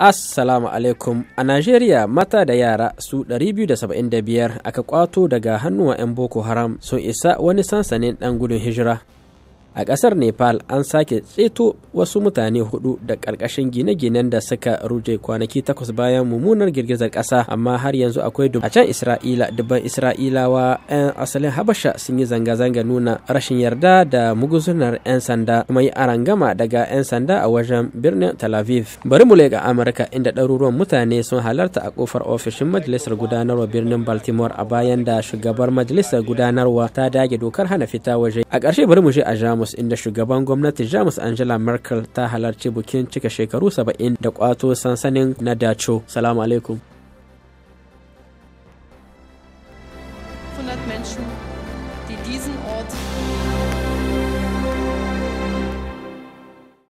Assalamu alaikum a Najeriya mata da yara su 275 aka kwato daga hannuwan 'yan Boko Haram sun isa wani sansanin ɗan gudun hijira. a ƙasar nepal an sake tseto wasu mutane hudu da ƙarƙashin gine-ginen da suka ruje kwanaki takwas bayan mummunar girgizar ƙasa amma har yanzu akwai dubu a can isra'ila dubban isra'ilawa 'yan asalin habasha sun yi zanga-zanga nuna rashin yarda da muguzunar 'yan sanda kuma yi arangama daga 'yan sanda a wajen birnin tel aviv bari mu leƙa amurka inda ɗaruruwan mutane sun halarta a kofar ofishin majalisar gudanarwa birnin baltimore a bayan da shugabar majalisar gudanarwa ta dage dokar hana fita waje a ƙarshe bari mu je a jamus jamus inda shugaban gwamnati jamus angela merkel ta halarci bikin cika shekaru saba'in da kwato sansanin na dacho salamu alaikum Menschen, die diesen Ort